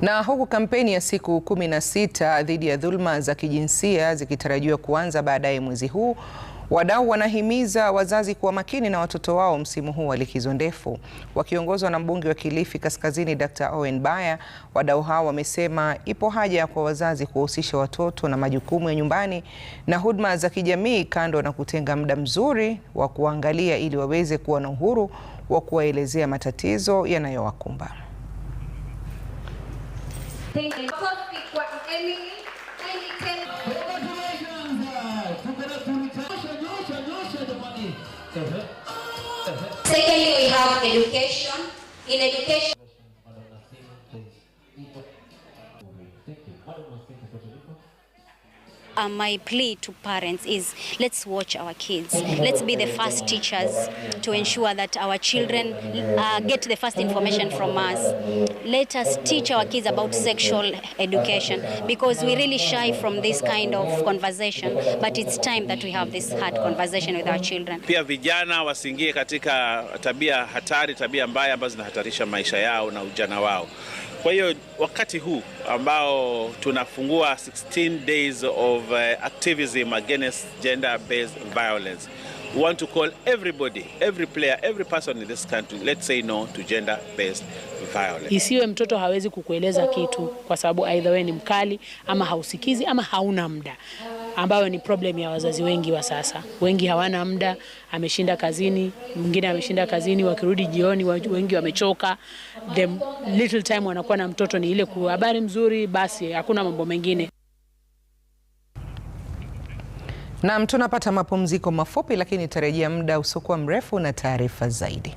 Na huku kampeni ya siku kumi na sita dhidi ya dhuluma za kijinsia zikitarajiwa kuanza baadaye mwezi huu, wadau wanahimiza wazazi kuwa makini na watoto wao msimu huu wa likizo ndefu. Wakiongozwa na mbunge wa Kilifi Kaskazini Dr. Owen Baya, wadau hao wamesema ipo haja kwa wazazi kuwahusisha watoto na majukumu ya nyumbani na huduma za kijamii, kando na kutenga muda mzuri wa kuangalia ili waweze kuwa na uhuru wa kuwaelezea matatizo yanayowakumba. Thank you. Uh, uh-huh. Uh-huh. Secondly, we have education. In education, uh, my plea to parents is let's watch our kids. Let's be the first teachers to ensure that our children uh, get the first information from us. Let us teach our kids about sexual education because we really shy from this kind of conversation, but it's time that we have this hard conversation with our children. Pia vijana wasiingie katika tabia hatari, tabia mbaya ambazo zinahatarisha maisha yao na ujana wao. Kwa hiyo wakati huu ambao tunafungua 16 days of of uh, activism against gender-based violence. We want to call everybody, every player, every person in this country, let's say no to gender-based violence. Isiwe mtoto hawezi kukueleza kitu kwa sababu aidha wewe ni mkali ama hausikizi ama hauna muda ambayo ni problem ya wazazi wengi wa sasa. Wengi hawana muda, ameshinda kazini, mwingine ameshinda kazini, wakirudi jioni wengi wamechoka. The little time wanakuwa na mtoto ni ile ku mzuri, basi hakuna mambo mengine. Naam, tunapata mapumziko mafupi, lakini tarajia muda usiokuwa mrefu na taarifa zaidi.